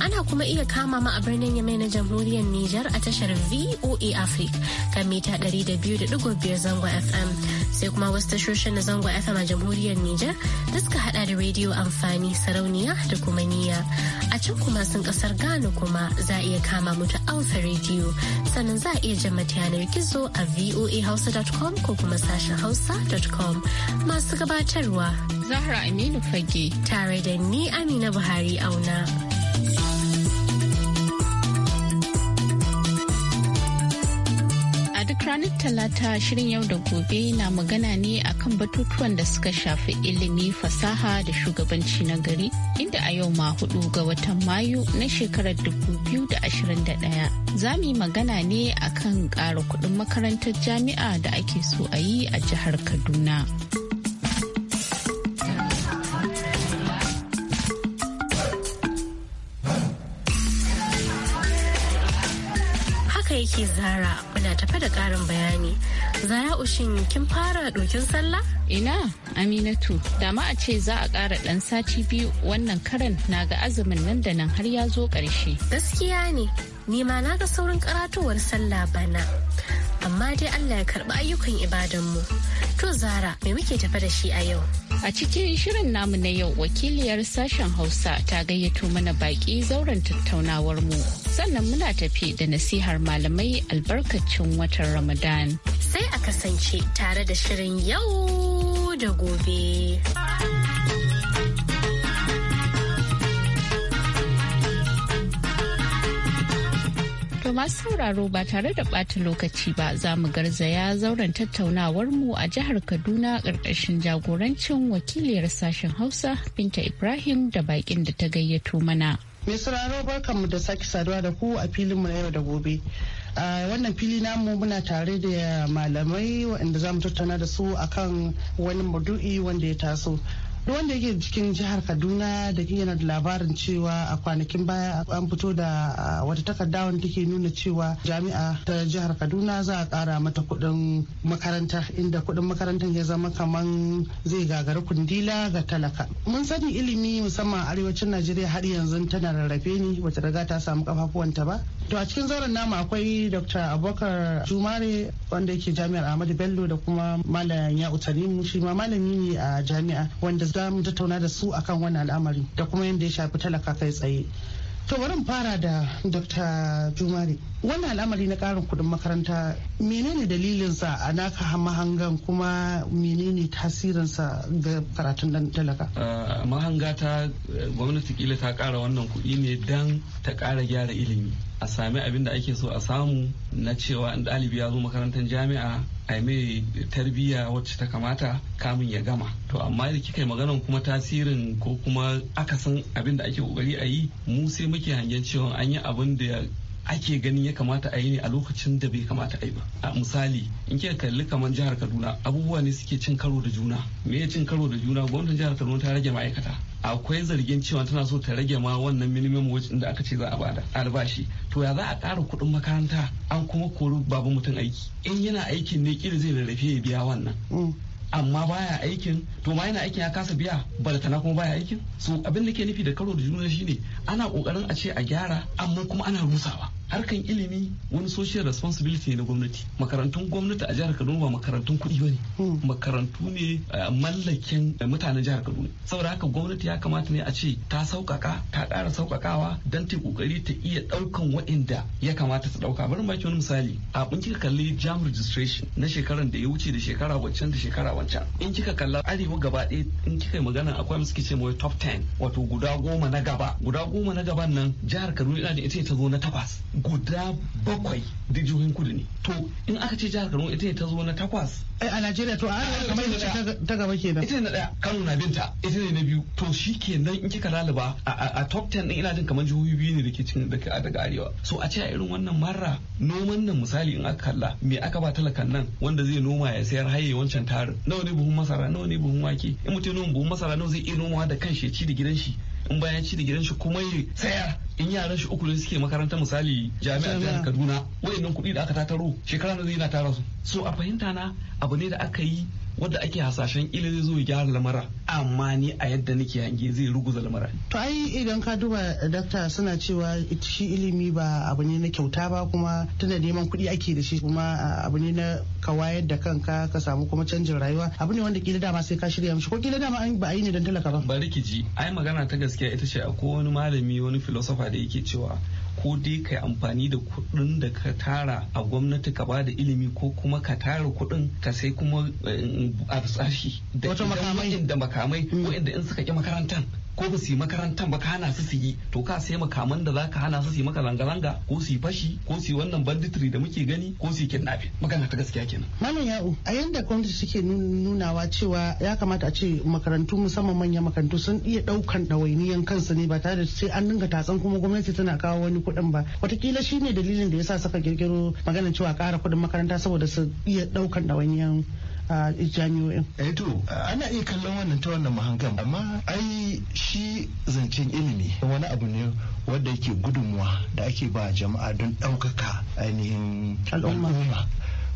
Ana kuma iya kama ma a birnin Yamai na jamhuriyar Nijar a tashar VOA Africa kan mita 200.5 zango FM. Sai kuma wasu tashoshin na zango FM a jamhuriyar Nijar da suka hada da rediyo amfani sarauniya da kuma niya. A can kuma sun kasar Ghana kuma za a iya kama mu ta Alpha Radio sannan za a iya jama yanar gizo a voahausa.com ko kuma sashen hausa.com masu gabatarwa. Zahra Aminu Fage. Tare da ni Amina Buhari auna. talata shirin yau da gobe na magana ne akan batutuwan da suka shafi ilimi fasaha da shugabanci na gari inda a yau ma hudu ga watan mayu na shekarar 2021 za mu yi magana ne akan kara kuɗin makarantar jami'a da ake so a yi a jihar kaduna. ce Zara muna tafe da ƙarin bayani. Zara ushin kin fara dokin sallah? Ina Aminatu, dama a ce za a ƙara ɗan sati biyu wannan karan na ga azumin nan da nan har ya zo ƙarshe. Gaskiya ne, ma na ga saurin karatuwar sallah bana. amma dai Allah ya karɓi ayyukan ibadanmu. To Zara, me muke tafa da shi a yau? A cikin shirin namu na yau wakiliyar sashen Hausa ta gayyato mana baƙi zauren tattaunawar mu. Sannan muna tafi da nasihar malamai albarkacin watan Ramadan. Sai a kasance tare da shirin yau da gobe. ga masu sauraro ba tare da ɓata lokaci ba za mu garzaya zauren tattaunawar mu a jihar Kaduna ƙarƙashin jagorancin wakiliyar sashen Hausa Binta Ibrahim da baƙin da ta gayyato mana. Mai sauraro barkanmu da sake saduwa da ku a filinmu na yau da gobe. a wannan fili namu muna tare da malamai waɗanda za mu tattauna da su akan wani madu'i wanda ya taso wanda yake cikin jihar kaduna da yana da labarin cewa a kwanakin baya an fito da wata takarda wanda take nuna cewa jami'a ta jihar kaduna za a kara mata kuɗin makaranta inda kuɗin makarantar ya zama kaman zai gagari kundila ga talaka mun sani ilimi musamman arewacin najeriya har yanzu tana rarrafe ne bata riga ta samu kafafuwanta ba to a cikin zauren namu akwai dr abubakar jumare wanda yake jami'ar ahmadu bello da kuma malam ya mu shi ma malami ne a jami'a wanda za mu tattauna da su akan wannan al'amari da kuma yadda ya shafi talaka kai tsaye to bari mu fara da dr jumari wannan al'amari na karin kudin makaranta menene dalilinsa a naka mahangan kuma menene tasirinsa ga karatun dan talaka mahanga ta gwamnati kila ta kara wannan kuɗi ne dan ta kara gyara ilimi a sami abin da ake so a samu na cewa in ɗalibi ya zo makarantar jami'a a mai tarbiyya wacce ta kamata kamun ya gama to amma da kika yi maganan kuma tasirin ko kuma akasin abin da ake kokari a yi mu sai muke hangen cewa an yi abin da ake ganin ya kamata a yi ne a lokacin da bai kamata a yi ba a misali in kika kalli kamar jihar kaduna abubuwa ne suke cin karo da juna me ya cin karo da juna gwamnatin jihar kaduna ta rage ma'aikata akwai zargin cewa tana so ta rage ma wannan minimum wage da aka ce za a bada albashi to ya za a ƙara kuɗin makaranta an kuma kori babu mutum aiki in yana aikin ne kila zai rarrafe ya biya wannan mm. amma baya aikin to ma yana aikin ya kasa biya bada tana kuma baya aikin so abin da ke nufi da karo da juna shine ana kokarin a ce a gyara amma kuma ana rusawa harkan ilimi wani social responsibility na gwamnati makarantun gwamnati a jihar kaduna ba makarantun kuɗi ba ne hmm. makarantu ne mallakin mutanen jihar kaduna saboda haka gwamnati ya kamata ne a ce ta sauƙaƙa ta ƙara sauƙaƙawa don ta ƙoƙari ta iya ɗaukan waɗanda ya kamata ta ɗauka bari baki wani misali a in kika kalli jam registration na shekaran da ya wuce da shekara wancan da shekara wancan in kika kalla arewa gaba ɗaya in kika yi magana akwai wanda suke ce mawai top 10 wato guda goma na gaba guda goma na gaban nan jihar kaduna ina da ita ta zo na takwas guda bakwai da jihohin kudu ne to in aka ce jihar Kano ita ne ta zo na takwas eh, a Najeriya to a kamar yadda ta gaba kenan ita ne na daya Kano na binta ita ne na biyu to shi ke nan in kika lalaba a top 10 din ina jin kamar jihohi biyu ne ke cikin daga daga arewa so a ce a irin wannan mara noman nan misali in aka kalla me aka ba talakan nan wanda zai noma ya sayar haye wancan tarin nawa ne buhun masara nawa ne buhun wake in mutum noma buhun masara nawa zai iya nomawa da kanshi ya ci da gidan shi in bayan ci da gidan shi kuma ya tsaya in yaran shi uku ne suke makaranta misali jami'a jihar Kaduna wayannan kuɗi da aka tataro shekara na zai na tara su so a fahimta na abu ne da aka yi wadda ake hasashen ila zai zo ya gyara lamara amma ni a yadda nake hange zai ruguza lamara to ai idan ka duba dakta suna cewa shi ilimi ba abu ne na kyauta ba kuma tunda neman kuɗi ake da shi kuma abu ne na ka wayar da kanka ka samu kuma canjin rayuwa abu ne wanda kila dama sai ka shirya mishi ko kila dama an ba yi ne don talaka ba ba rikici ai magana ta gaskiya ita ce akwai wani malami wani filosofa da yake cewa ko dai kai amfani da kuɗin da ka tara a gwamnati ka bada ilimi ko kuma ka tara kuɗin ka sai kuma eh, a tsashi da makamai da makamai wa'anda in suka ki makarantar ko ba su yi makarantar ba ka hana su su yi to ka sai makaman da zaka hana su su yi maka zanga-zanga ko su yi fashi ko su yi wannan banditry da muke gani ko su yi kidnapping magana ta gaskiya kenan malam ya'u a yanda gwamnati suke nunawa cewa ya kamata a ce makarantu musamman manyan makarantu sun iya daukan ɗawainiyan kansu ne ba tare da sai an dinga tatsan kuma gwamnati tana kawo wani kuɗin ba watakila shine dalilin da yasa suka girgiro maganar cewa ƙara kuɗin makaranta saboda su iya daukan ɗawainiyan a jami'o'in. Eh to ana iya kallon wannan ta wannan mahangan amma ai shi zancen ilimi wani abu ne wanda yake gudunmuwa da ake ba jama'a don ɗaukaka ainihin al'umma.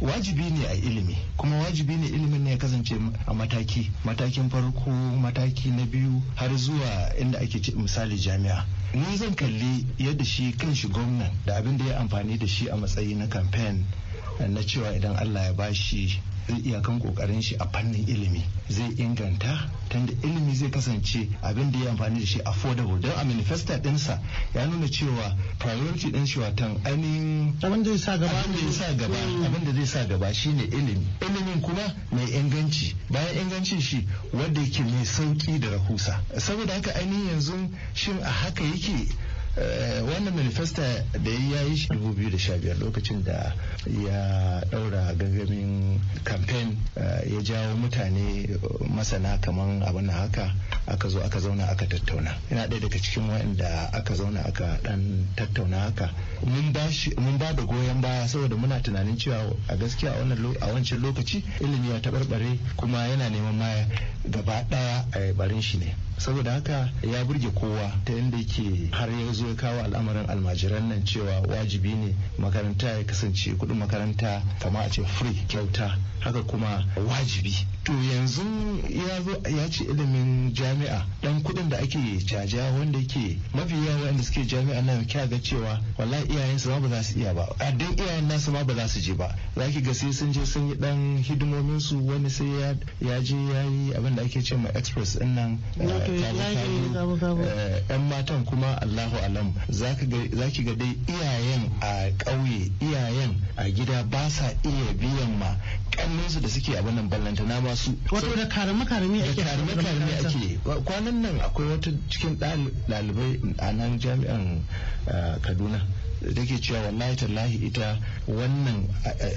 wajibi ne a ilimi kuma wajibi ne ilimin ne ya kasance a mataki matakin farko mataki na biyu har zuwa inda ake ce misali jami'a ni zan kalli yadda shi kan shi gwamnan da abin da ya amfani da shi a matsayi na kamfen na cewa idan Allah ya bashi zai iyakan kokarin shi a fannin ilimi zai inganta tunda ilimi zai kasance abin da ya amfani da shi affordable don a manifesta dinsa ya nuna cewa priority din shi watan ainihin abin da zai sa gaba abin da zai sa gaba shine ilimi ilimin kuma mai inganci bayan ingancin shi wanda yake mai sauki da rahusa saboda haka ainihin yanzu shin a haka yake Eh, wannan manifesta da ya yi shi 2015 lokacin da ya daura gangamin kamfen eh, ya jawo mutane eh, masana kamar abin haka aka zo aka zauna aka tattauna ina ɗaya daga cikin waɗanda aka zauna aka dan tattauna haka mun ba da goyon baya saboda muna tunanin cewa a gaskiya a wancan lokaci ilimi ya taɓarɓare kuma yana neman maya gaba ɗaya a barin shi ne saboda haka ya burge kowa ta yadda yake har ya zo ya kawo al'amarin almajiran nan cewa wajibi ne makaranta ya kasance kudin makaranta kama a ce free kyauta haka kuma wajibi to yanzu ya zo ce ilimin jami'a dan kudin da ake caja wanda yake mafi yawa wanda suke jami'a nan kya ga cewa wallahi iyayen su ma ba za su iya ba a dan iyayen nasu ma ba za su je ba zaki ga sai sun je sun yi dan hidimomin su wani sai ya je ya yi abin da ake ce ma express din nan Eh, eh, yan matan kuma allahu alam za ki ga dai iyayen a ƙauye iyayen a gida ba sa iya biyan ma kannansu da suke abin nan ballanta na masu wato da karama karami ake karama karami ake kwanan nan akwai wata cikin ɗalibai a nan jami'an eh, kaduna da take cewa wallahi tallahi ita wannan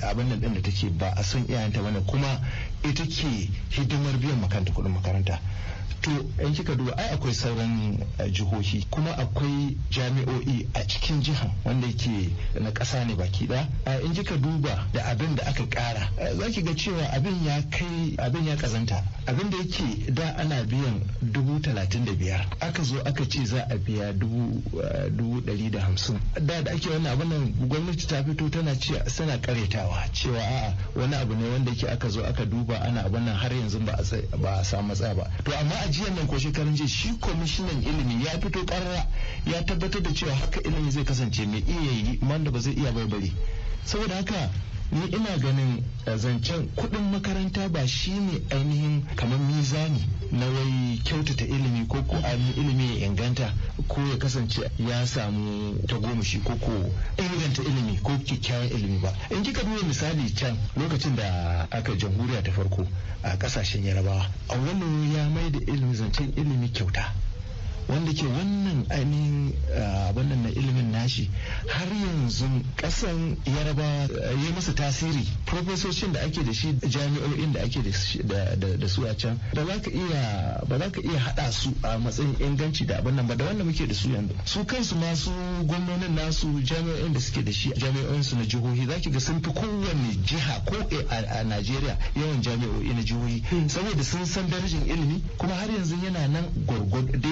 abin nan din da take ba a son iyayenta bane kuma ita ke hidimar biyan makaranta kuɗin makaranta to in kika duba ai akwai sauran eh, jihohi kuma akwai jami'o'i a cikin jiha wanda yake na ƙasa ne baki da in kika duba da abin da aka ƙara eh, za ki ga cewa abin ya kai abin ya kazanta abin da yake da ana biyan dubu talatin da biyar aka zo aka ce za a biya dubu eh, ɗari da hamsin da da ake wannan abin nan gwamnati ta fito tana ce suna karetawa cewa a'a wani abu ne wanda yake aka zo aka duba ana abin nan har yanzu ba a samu matsaya ba to amma amma a jiya nan ko shekarun jiya shi kwamishinan ilimi ya fito karara ya tabbatar da cewa haka ilimi zai kasance mai iya yi da ba zai iya barbari saboda haka ni ina ganin eh, zancen kuɗin makaranta ba shi ne ainihin kamar mizani na wai kyautata ilimi ko ko ilimi ya inganta ko ya kasance ya samu tagomashi ko ko inganta ilimi ko kyakkyawan ilimi ba in kika duba misali can lokacin da aka jamhuriya ta farko a kasashen yarabawa a wannan ya mai da ilimi zancen ilimi kyauta wanda ke wannan ainihin eh, abin na ilimin nashi har yanzu kasan yaraba eh, ya masa tasiri profesoshin da ake da shi jami'o'in da ake da su a can ba za ka iya haɗa hada su a matsayin inganci da abin nan ba da wanda muke da su yanzu su kansu masu gwamnonin nasu jami'o'in da suke da shi jami'o'in su na jihohi za ki ga sun fi kowane jiha ko e, a Najeriya yawan jami'o'i na jihohi hmm. saboda sun san darajar ilimi kuma har yanzu yana nan gwargwado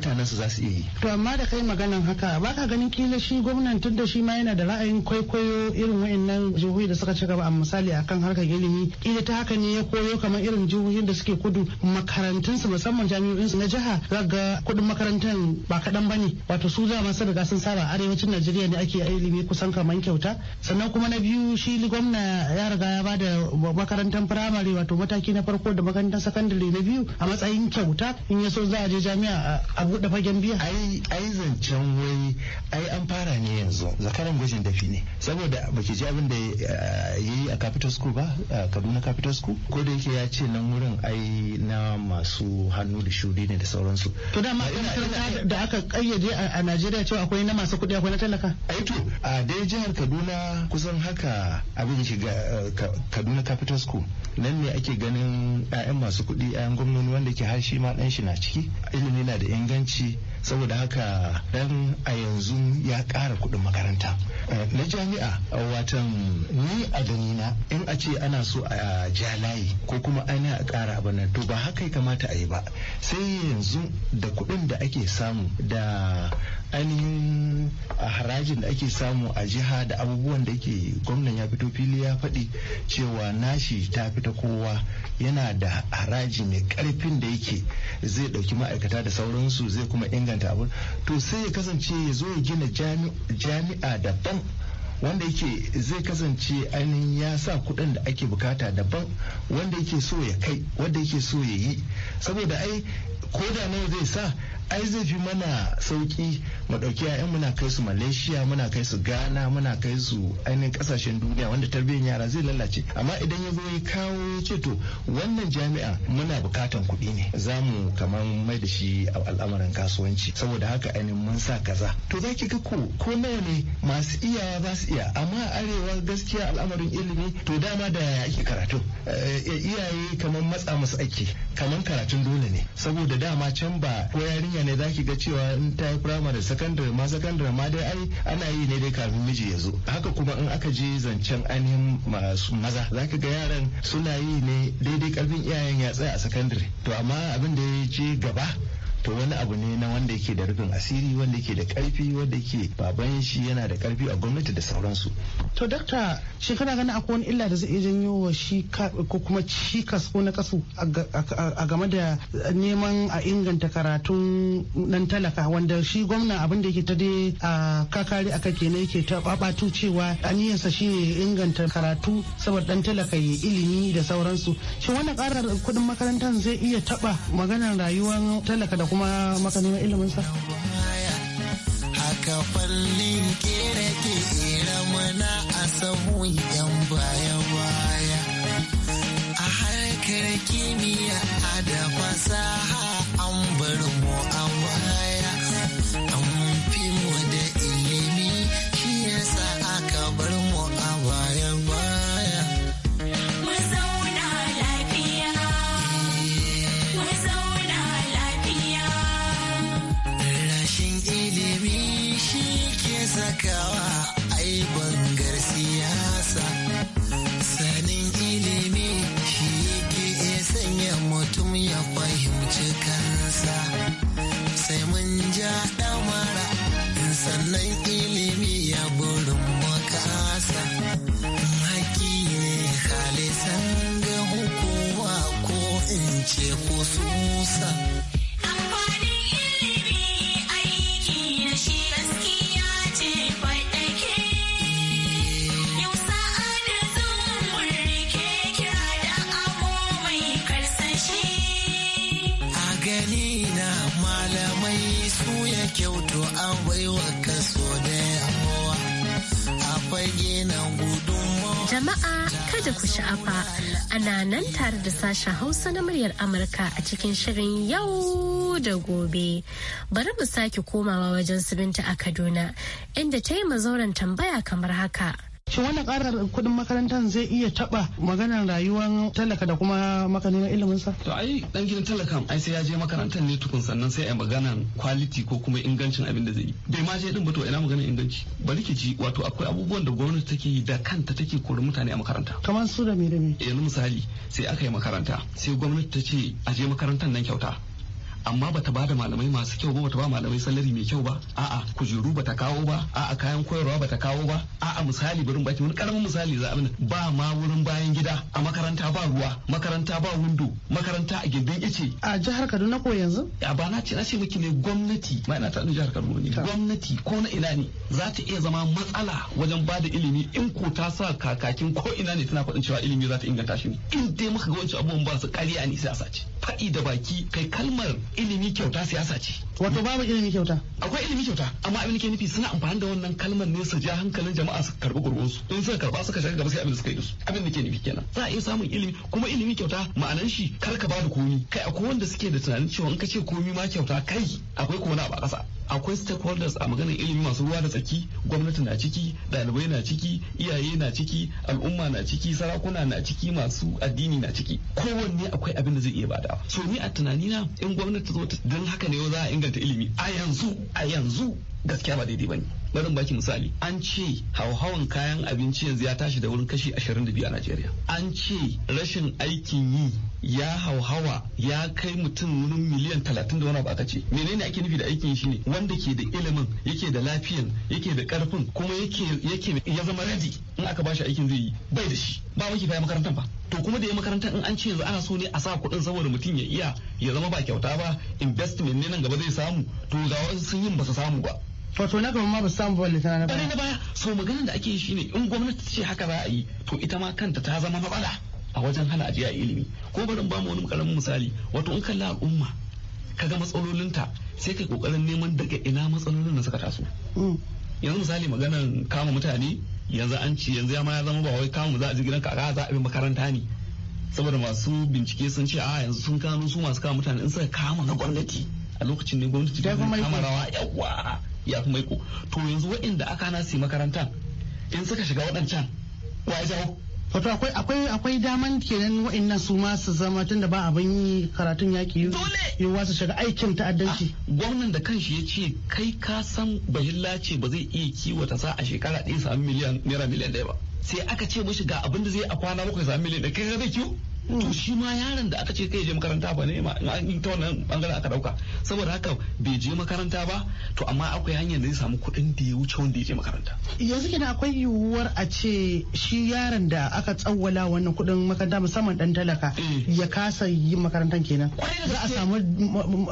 mutanen su za su yi to amma da kai maganan haka baka ganin kila shi gwamnan tun da shi ma yana da ra'ayin kwaikwayo irin wayannan jihohi da suka ci gaba a misali akan harkar ilimi kila ta haka ne ya koyo kamar irin jihohin da suke kudu makarantun su musamman jami'o'in su na jiha zaga kudin makarantar ba kadan bane wato su da masu riga sun saba arewacin Najeriya ne ake ilimi kusan kaman kyauta sannan kuma na biyu shi gwamna ya riga ya bada makarantar firamare wato mataki na farko da makarantar sakandare na biyu a matsayin kyauta in ya so za a je jami'a a buɗe fagen biya ai ai zancen wai ai an fara ne yanzu zakaran gwajin dafi ne saboda baki ji abin da eh, yayi a capital school ba kaduna capital school ko da yake ya ce nan wurin ai na masu hannu da shudi ne da sauransu to da da aka kayyade a najeriya cewa akwai na masu kuɗi akwai na talaka ai to a dai jihar kaduna kusan haka abin shiga eh, kaduna capital school nan ne ake ganin 'ya'yan masu kuɗi 'ya'yan gwamnoni wanda ke har shi ma ɗan shi na ciki ilimi na da muhimmanci saboda haka dan a yanzu ya ƙara kuɗin makaranta eh, na jami'a eh, watan ni a ganina in a ce ana so a ja layi ko kuma ana a ƙara abin to ba haka ya kamata a yi ba sai yanzu da kuɗin da ake samu da a harajin da ake samu a jiha da abubuwan da ke gwamnan ya fito fili ya faɗi cewa nashi ta fita kowa yana da haraji mai karfin da yake zai ɗauki ma'aikata da sauransu zai kuma inganta abu to sai ya kasance ya zo ya gina jami'a daban wanda yake zai kasance ainihin ya sa kuɗin da ake bukata daban wanda yake so ya kai wanda yake so ya yi saboda ai ko da nawa zai sa ai zai fi mana sauki mu ɗauki 'ya'yan muna kai su malaysia muna kai su ghana muna kai su ainihin kasashen duniya wanda tarbiyyar yara zai lalace amma idan ya zo ya kawo ya ce to wannan jami'a muna bukatan kuɗi ne za mu kamar mai da shi a al'amarin kasuwanci saboda haka ainihin mun sa kaza to za ki ga ko ko nawa ne masu iya za su iya amma arewa gaskiya al'amarin ilimi to dama da ya ake karatu eh, iyaye kamar matsa musu ake kamar karatun dole ne saboda dama can ba ko yarinya ne zaki ga cewa in ta yi primary secondary ma secondary ma dai ai ana yi ne dai kafin miji ya zo haka kuma in aka je zancen ainihin masu maza zaki ga yaran suna yi ne daidai karfin iyayen ya tsaya a secondary to amma abin da ya je gaba to wani abu ne na wanda yake da rufin asiri wanda yake da karfi wanda yake baban shi yana da karfi a gwamnati da sauransu to dakta shi kana ganin akwai wani illa da zai iya janyo wa shi ko kuma cikas ko na kasu a game da neman a inganta karatun nan talaka wanda shi gwamna abin da yake ta dai a kakari aka kenan yake ta babatu cewa aniyarsa shine inganta karatu saboda dan talaka ya ilimi da sauransu shin wannan karar kudin makarantar zai iya taba maganar rayuwar talaka da kuma makamin ilimin sa haka fallin kere ke tsira mana a sahun yan baya baya a harkar kimiyya a da fasaha an bar mu a name sha'afa ana nan tare da sashen hausa na muryar amurka a cikin shirin yau da gobe bari mu sake komawa wajen subinta a kaduna inda ta yi mazauran tambaya kamar haka shin wannan karar kudin makarantar zai iya taba maganar rayuwar talaka da kuma makanin ilimin sa to ai dan gidan talakan ai sai ya je makarantar ne tukun sannan sai ai maganar kwaliti ko kuma ingancin abin da zai yi bai ma je din ba to ina maganar inganci bari ki ji wato akwai abubuwan da gwamnati take yi da kanta take kore mutane a makaranta kamar su da me da me yanzu misali sai aka yi makaranta sai gwamnati ta ce a je makarantar nan kyauta amma bata bada da malamai masu kyau ba bata ba malamai salari mai kyau ba a'a kujeru bata kawo ba a'a kayan koyarwa bata kawo ba a'a misali barin baki wani karamin misali za ba ma wurin bayan gida a makaranta ba ruwa makaranta ba windo makaranta a gindin ice a jihar Kaduna ko yanzu a ba na ce na ce miki ne gwamnati ma ina ta jihar Kaduna ne gwamnati ko na ina ne za ta iya zama matsala wajen bada ilimi in ko ta sa kakakin ko ina ne tana faɗin cewa ilimi za ta inganta shi in dai muka ga wancan abubuwan ba su ƙarya ne sai a sace faɗi da baki kai kalmar ilimi kyauta siyasa ce wato babu ilimi kyauta akwai ilimi kyauta amma abin ke nufi suna amfani da wannan kalmar ne su ja hankalin jama'a su karbi gurgunsu in suka karba suka shiga gaba sai abin da suka yi dusu abin da ke nufi kenan za a iya samun ilimi kuma ilimi kyauta ma'anan shi kar ka bada komi kai akwai wanda suke da tunanin cewa in ka ce komi ma kyauta kai akwai ko a abu a ƙasa akwai stakeholders a maganar ilimi masu ruwa da tsaki gwamnati na ciki ɗalibai na ciki iyaye na ciki al'umma na ciki sarakuna na ciki masu addini na ciki kowanne akwai abin da zai iya bada so ni a tunanina in gwamnati ta zo don haka ne za a inganta ilimi a yanzu a yanzu gaskiya ba daidai ba ne. barin baki misali an ce hauhawan kayan abinci yanzu ya tashi da wurin kashi 22 a Najeriya an ce rashin aikin yi ya hauhawa ya kai mutum wurin miliyan 30 da wani aka ce menene ake nufi da aikin shi ne. wanda ke da ilimin yake da lafiyan yake da karfin kuma yake yake ya zama ready in aka bashi aikin zai yi bai da shi ba wake fa makarantar ba to kuma da ya makaranta in an ce yanzu ana so ne a sa kuɗin saboda mutum ya iya ya zama ba kyauta ba investment ne nan gaba zai samu to ga wasu sun yin ba su samu ba wato na kama ma ba samu ba na baya baya so maganin da ake yi ne in gwamnati ce haka za a yi to ita ma kanta ta zama matsala a wajen hana ajiya ilimi ko barin ba mu wani karamin misali wato in kalla al'umma ka kaga matsalolinta sai kai kokarin neman daga ina matsalolin da suka taso mm. yanzu misali maganan kama mutane yanzu an ci yanzu ya ma ya zama ba wai kama za a ji gidan a za a bi makaranta ne saboda masu bincike sun ce a yanzu sun kano su masu kama mutane in suka kama na gwamnati a lokacin ne gwamnati ta kama rawa yawa ya fi maiko to yanzu waɗanda aka na su makarantan in suka shiga waɗancan ya jawo wato akwai akwai akwai daman kenan waɗannan su ma su zama tunda ba abin yi karatun yaki yiwuwa su shiga aikin ta'addanci ah, gwamnan da kanshi ya ce kai ka san bahilla ce ba zai iya kiwata sa a shekara ɗaya sami miliyan naira miliyan ɗaya ba sai aka ce mashi ga abin da zai a kwana bakwai sami miliyan ɗaya kai ka zai kiwo to shi ma yaron da aka ce kai je makaranta ba ne ma in ta wannan bangaren aka dauka saboda haka bai je makaranta ba to amma akwai hanyar da zai samu kuɗin da ya wuce wanda ya je makaranta yanzu kina akwai yiwuwar a ce shi yaron da aka tsawwala wannan kuɗin makaranta musamman dan talaka eh. ya kasa yi makarantan kenan za a samu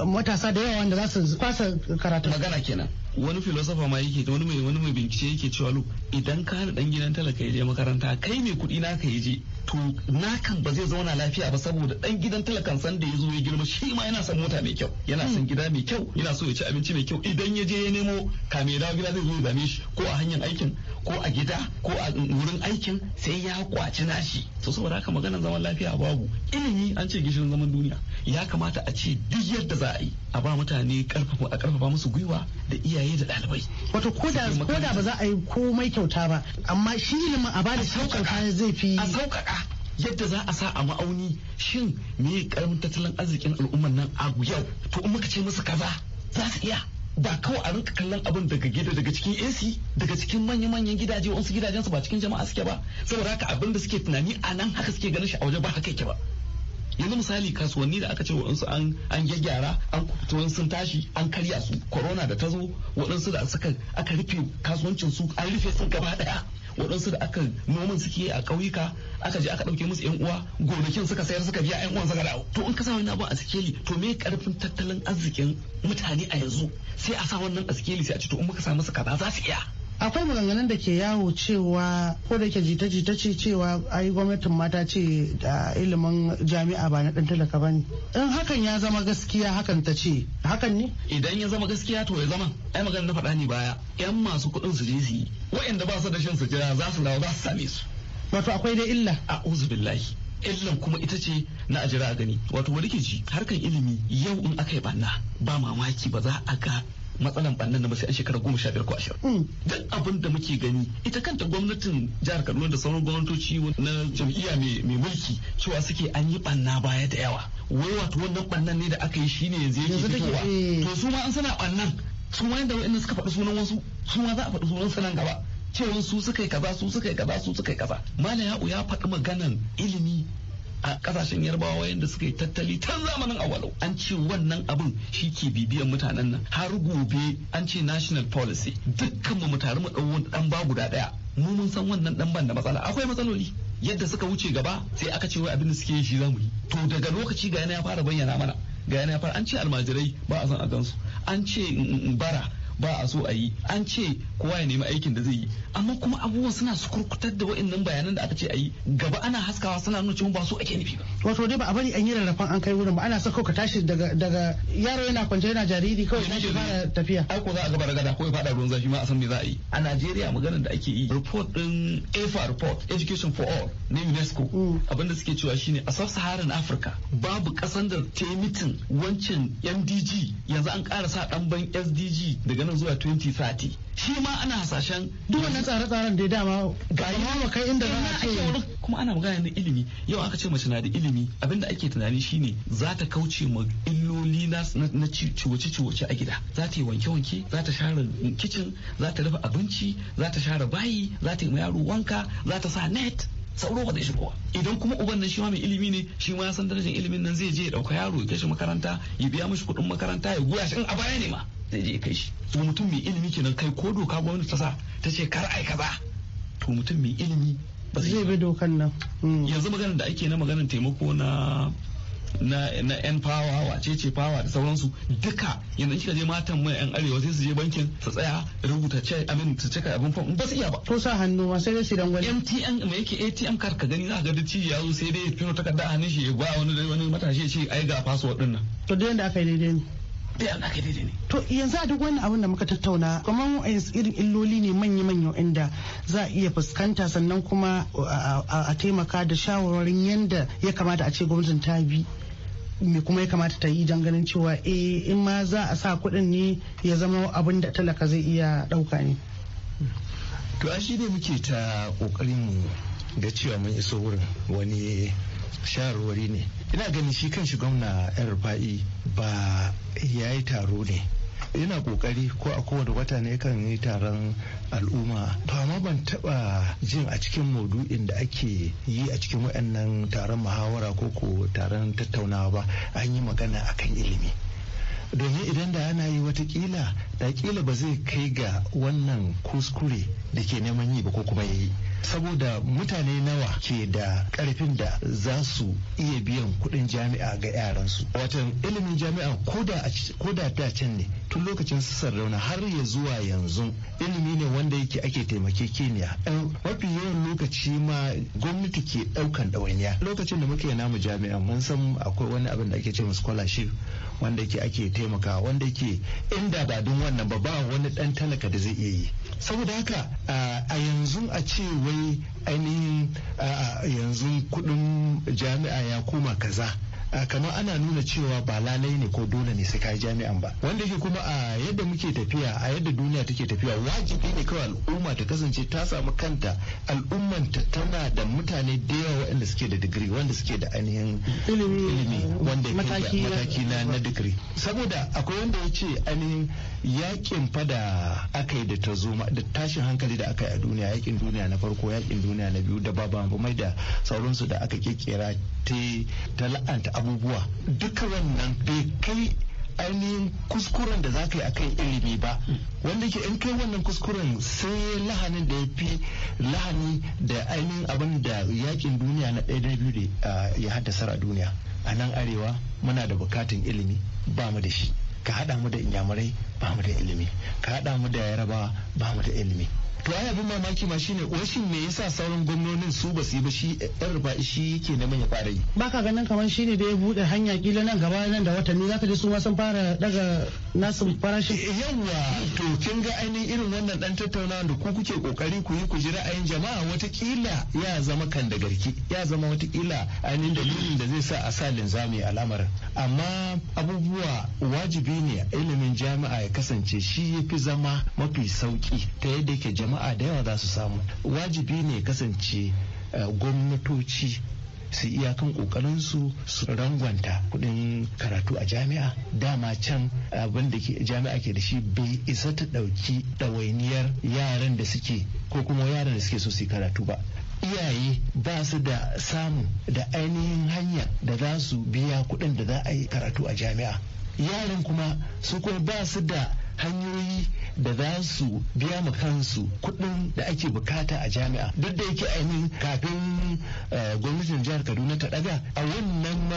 matasa da yawa wanda za su kwasa karatu magana kenan wani filosofa ma yake wani mai wani mai bincike yake cewa lu idan ka dan gidan talaka ya je makaranta kai mai kuɗi na ka je to na kan ba zai zauna lafiya ba saboda dan gidan talakan san da ya zo ya girma shi ma yana son mota mai kyau yana son gida mai kyau yana so ya ci abinci mai kyau idan ya je ya nemo kame mai dawo gida zai zo ya dame shi ko a hanyar aikin ko a gida ko a wurin aikin sai ya kwaci nashi to saboda haka maganar zaman lafiya babu ilimi an ce gishirin zaman duniya ya kamata a ce duk yadda za a yi a ba mutane a karfafa musu gwiwa da iyaye iyaye da ɗalibai. Wato ko da ba za a yi komai kyauta ba amma shi ilimin a bada sauƙaƙa zai fi. A saukaka yadda za a sa a ma'auni shin me karamin tattalin arzikin al'ummar nan a yau to in muka ce musu kaza za su iya. ba kawai a rinka kallon abin daga gida daga cikin AC daga cikin manya-manyan gidaje wasu gidajen su ba cikin jama'a suke ba saboda haka abin da suke tunani a nan haka suke ganin shi a waje ba haka yake ba yanzu misali kasuwanni da aka ce waɗansu an an an kuɓuta sun tashi an karya su corona da ta zo waɗansu da suka aka rufe kasuwancin su an rufe sun gaba daya waɗansu da aka noman suke a ƙauyuka aka je aka ɗauke musu yan uwa gonakin suka sayar suka biya yan uwan suka dawo to in ka sa wani abu a sikeli to me karfin tattalin arzikin mutane a yanzu sai a sa wannan a sikeli sai a ce to in muka sa masa kaza za su iya akwai maganganun da ke yawo cewa ko da ke jita-jita ce cewa ai gwamnatin mata ce da ilimin jami'a ba na dan talaka ba ne in hakan ya zama gaskiya hakan ta ce hakan ne idan ya zama gaskiya to ya zama ai magana na faɗa ne baya yan masu kuɗin su je su yi wa'anda ba su da shan su jira za su dawo za su same su wato akwai dai illa uzu billahi illan kuma ita ce na ajira a gani wato wani ke ji harkan ilimi yau in aka yi banna ba mamaki ba za a ga matsalan bannan da sai an shekara goma sha biyar ko ashirin. Mm. Duk abin da muke gani ita kanta gwamnatin jihar Kaduna da sauran gwamnatoci na jam'iyya mai mulki cewa suke an yi banna baya da yawa. Wai wato wannan bannan ne da aka yi shine yanzu yake fitowa. Eh. To su ma an sana bannan su ma yadda wa'annan suka faɗi sunan wasu su ma za a faɗi sunan sanan gaba. Cewa su suka yi kaza su suka yi kaza su suka yi kaza. Malaya ya faɗi maganan ilimi a kasashen yarbawa yadda suka yi tattali tun zamanin awalau an ce wannan abin shi ke bibiyan mutanen nan har gobe an ce national policy dukkanmu mu tare mu dan ba guda ɗaya. mu mun san wannan dan ban da matsala akwai matsaloli yadda suka wuce gaba sai aka ce wai abin da suke yi shi za mu yi to daga lokaci ga yana ya fara bayyana mana ga yana ya fara an ce almajirai ba a san a gansu an ce mm, mm, mm, bara ba a so a yi an ce kowa ya nemi aikin da zai yi amma kuma abubuwan suna su kurkutar da wa'annan bayanan da aka ce a yi gaba ana haskawa suna nuna cewa ba su ake nufi ba wato dai ba a bari an yi rarrafan an kai wurin ba ana so ka tashi daga daga yaro yana kwance yana jariri kawai na shi fara tafiya ai ko za a gaba gada ko ya fada ruwan zafi ma a san me za a yi a Najeriya maganar da ake yi report din EFA report education for all na UNESCO mm. abinda suke cewa shine a sub-Saharan Africa babu kasan da ta yi mitin wancan MDG yanzu an karasa sa ɗan ban SDG daga maganar zuwa 2030 shi ma ana hasashen duk wannan tsare-tsaren da ya dama ga ma kai inda za a ce kuma ana magana na ilimi yau aka ce mace na da ilimi abinda ake tunani shine za ta kauce ma illoli na ciwoce-ciwoce a gida za ta yi wanke-wanke za ta share kicin za ta dafa abinci za ta share bayi za ta yi ma yaro wanka za ta sa net sauro ba zai shigo idan kuma uban nan shi ma mai ilimi ne shi ma ya san darajar ilimin nan zai je ya dauka yaro ya kashe makaranta ya biya mishi kuɗin makaranta ya goya shi in a baya ne ma zai je kai shi to mutum mai ilimi kenan kai ko doka ba wani sa ta ce kar ai kaza to mutum mai ilimi ba zai bi dokan nan hmm. yanzu maganar da ake na maganar taimako na na na yan fawa wace ce fawa da sauransu duka yanzu kika je matan mai yan arewa sai su je bankin su tsaya rubuta ce amin su cika abin fam ba su iya ba ko sa hannu ma sai dai su dan gwani MTN me yake ATM card ka gani za ga da ya zo sai dai ya fino takarda a hannun shi ya gwa wani wani matashi ya ce ai ga password din nan to da yanda aka yi daidai ne dai Allah ka daidai ne to yanzu a duk wani abin da muka tattauna kamar irin illoli ne manya manya inda za a iya fuskanta sannan kuma a taimaka da shawarwarin yanda ya kamata a ce gwamnatin ta bi me kuma ya kamata ta yi don ganin cewa eh in ma za a sa kuɗin ne ya zama abin da talaka zai iya ɗauka ne to a shi ne muke ta ƙoƙarin mu ga cewa mun iso wurin wani shawarwari ne ina ganin shi kan shi gwamna yan rufa'i ba ya yi taro ne yana kokari ko a kowane wata ne kan yi taron al'umma to amma ban taba jin a cikin maudu'in da ake yi a cikin waɗannan taron muhawara ko ko taron tattaunawa ba an yi magana akan ilimi domin idan da ana yi watakila da kila ba zai kai ga wannan kuskure da ke neman yi ba ko kuma ya yi saboda mutane nawa ke da karfin da za su iya biyan kuɗin jami'a ga yaransu watan ilimin jami'a ko da ta can ne tun lokacin su sarrauna har ya zuwa yanzu ilimi ne wanda yake ake keniya mafi yawan lokaci ma gwamnati ke ɗaukan ɗawainiya lokacin da muke namu jami'a mun san akwai wani abin da ake ce scholarship wanda ke ake taimaka wanda ke inda ba don wannan ba ba wani ɗan talaka da zai iya yi saboda haka a yanzu a ce wai ainihin yanzu kudin jami'a ya koma kaza kamar ana nuna cewa ba lalai ne ko dole ne sai kai jami'an ba wanda yake kuma a yadda muke tafiya a yadda duniya take tafiya wajibi ne kawai al'umma ta kasance ta samu kanta al'ummanta tana da mutane da yawa waɗanda suke da digiri wanda suke da ainihin ilimi wanda mataki na na digiri saboda akwai wanda ya ce ainihin yakin fada aka yi da zo da tashin hankali da aka yi a duniya yakin duniya na farko yakin duniya na biyu da babamai da sauransu da aka kekera ta la'anta abubuwa duka wannan bai kai ainihin kuskuren da za ka yi a kan ilimi ba wanda ke in kai wannan kuskuren sai lahanin da ya fi lahani da ainihin abin da yakin duniya na ɗaya na biyu da ya haddasa a duniya a nan arewa muna da bukatun ilimi ba mu da shi ka haɗa mu da inyamurai ba mu da ilimi ka haɗa mu da yaraba ba mu da ilimi to ai abin mamaki ma shine washin me yasa sauran gwamnonin su ba su yi ba shi yan ruba shi yake na manya fara ba ka ganin kamar shine da ya bude hanya kila nan gaba nan da watanni zaka je su ma sun fara daga nasu farashi eh, yawa to kin ga ainihin irin wannan dan tattaunawa da ku kuke kokari ku yi ku ji ra'ayin jama'a watakila ya zama kan da garki ya zama watakila ainihin dalilin da zai sa a sa linzami al'amarin amma abubuwa wajibi ne ilimin jami'a ya kasance shi ya fi zama mafi sauki ta yadda ke jama'a da yawa za su samu wajibi ne ya kasance eh, gwamnatoci su iyakan kokarinsu su rangwanta kudin karatu a jami'a dama can abin da jami'a ke da shi bai isa ta dauki ɗawainiyar yaran da suke ko kuma yaran da suke so su karatu ba iyaye ba su da samu da ainihin hanya da za su biya kudin da za a yi karatu a jami'a yaran kuma su kuma ba su da hanyoyi da za su biya ma kansu kuɗin da ake bukata a jami'a duk da yake ainihin kafin eh, gwamnatin jihar kaduna ta daga a wannan ma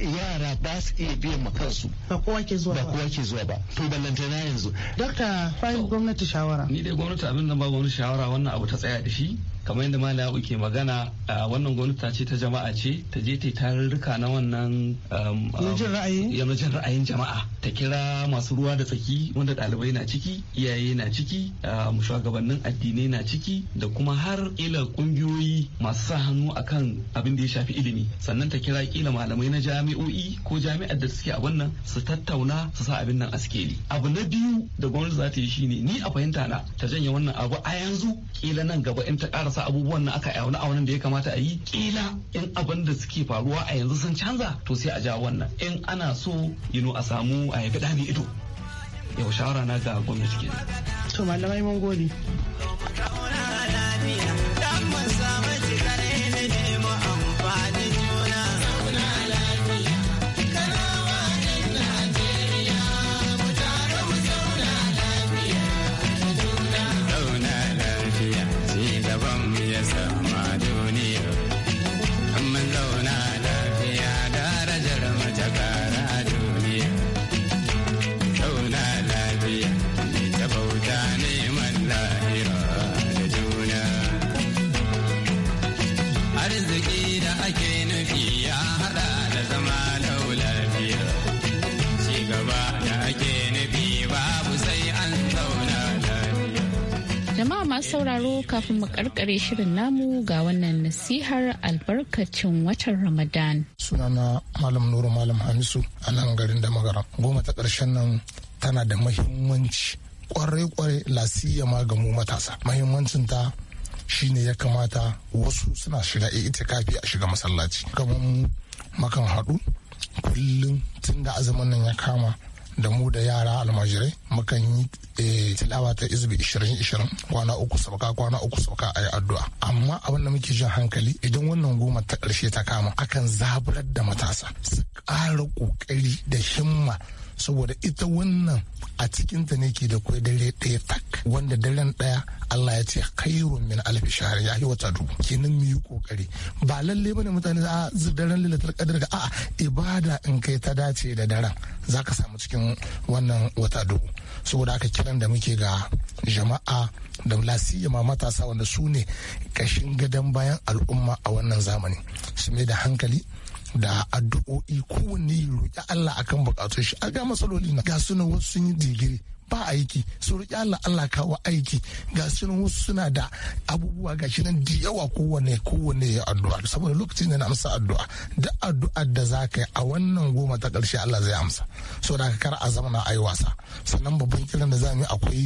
yara ba su iya biyan ma kansu ba kowa ke zuwa ba kowa ke zuwa ba to yanzu dokta fayin gwamnati shawara ni dai gwamnati abin nan ba gwamnati shawara wannan abu ta tsaya da shi kamar yadda malaya uke magana wannan gwamnati ce ta jama'a ce ta je ta yi tarurruka na wannan um, jin ra'ayin jama'a ta kira masu ruwa da tsaki wanda ɗalibai na ciki iyaye na ciki shugabannin addinai na ciki da kuma har ila kungiyoyi masu sa hannu akan abin da ya shafi ilimi sannan ta kira kila malamai na jami'o'i ko jami'ar da suke a wannan su tattauna su sa abin nan a sikeli abu na biyu da gwamnati za ta yi shine ni a fahimta na ta janye wannan abu a yanzu kila nan gaba in ta karasa abubuwan nan aka a wani da ya kamata a yi kila in abin da suke faruwa a yanzu sun canza to sai a ja wannan in ana so yino a samu a yafi ɗani ido yau shawara na ga gwamnati kenan to malamai mun gode sauraro kafin mu karkare shirin namu ga wannan nasihar albarkacin watan Ramadan. Sunana Malam Nuru Malam Hamisu a nan garin da magara. Goma ta ƙarshen nan tana da mahimmanci kwarai-kwarai lasiya ma ga mu matasa. Mahimmancin ta shine ya kamata wasu suna shiga ita kafi a shiga masallaci. Kamar makan haɗu kullum tun da azumin nan ya kama da mu da yara almajirai mukan yi eh, tilawa ta izbi 20-20 kwana uku sauka kwana uku sauka a yi addu'a amma abin da muke jin hankali idan wannan goma ta ƙarshe ta kama akan zaburar da matasa su ƙara ƙoƙari da himma saboda ita wannan a cikinta ne ke da kwai dare ɗaya tak wanda daren ɗaya Allah ya ce kairun min alfi shahar ya yi wata dubu kenan mu yi kokari ba lalle bane mutane a daren lalatar kadar ga a'a ibada in kai ta dace da daren za ka samu cikin wannan wata dubu saboda aka kiran da muke ga jama'a da lasiyama matasa wanda su ne kashin gadon bayan al'umma a wannan zamani su mai da hankali da addu'o'i kowanne ya roƙi Allah akan buƙatun shi a ga matsaloli na ga suna wasu sun yi digiri ba aiki su roƙi Allah Allah kawo aiki ga suna wasu suna da abubuwa ga nan da yawa kowanne kowanne ya addu'a saboda lokacin da na amsa addu'a da addu'ar da za ka yi a wannan goma ta ƙarshe Allah zai amsa so da kar a zama na ayi wasa sannan babban kiran da za mu yi akwai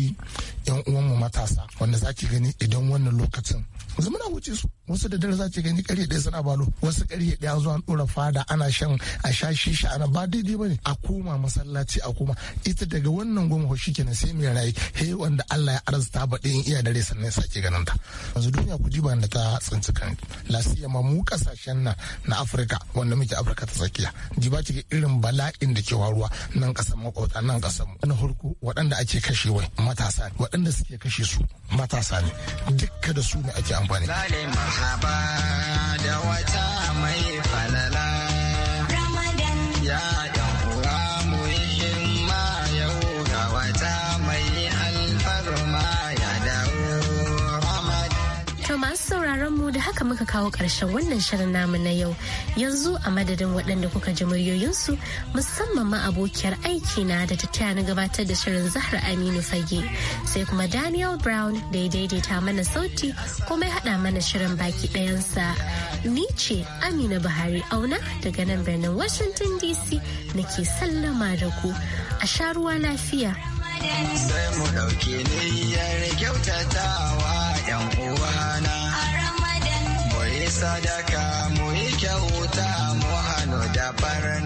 yan uwanmu matasa wanda za ki gani idan wannan lokacin yanzu muna wuce su wasu da dare za ce gani karye ɗaya suna balo wasu karye ɗaya zuwa an ɗora fada ana shan a sha shisha ana ba daidai ne. a koma masallaci a koma ita daga wannan goma hoshi kenan sai mai rayu he wanda Allah ya arzuta baɗi ɗayan iya dare sannan sake ganin ta yanzu duniya ku jiba da ta tsinci kan lasiya ma mu kasashen nan na Afirka wanda muke Afirka ta tsakiya jiba ki irin bala'in da ke waruwa nan kasan makwabta nan kasan na harko waɗanda ake kashe wai matasa ne waɗanda suke kashe su matasa ne dukka da su ne ake kamfanin. Zalim da wata mai fana. da haka muka kawo ƙarshen wannan shirin namu na yau yanzu a madadin waɗanda kuka ji muryoyinsu musamman ma abokiyar aiki na da ta gabatar da shirin zahra aminu fage sai kuma daniel brown da ya daidaita mana sauti kuma ya haɗa mana shirin baki ɗayansa ni ce amina buhari auna daga nan birnin washington dc na ke sallama da ku a sharuwa lafiya sai mu ɗauke ne yare kyautatawa 'yan uwana. sadaka mu yi kyauta mu hano da barna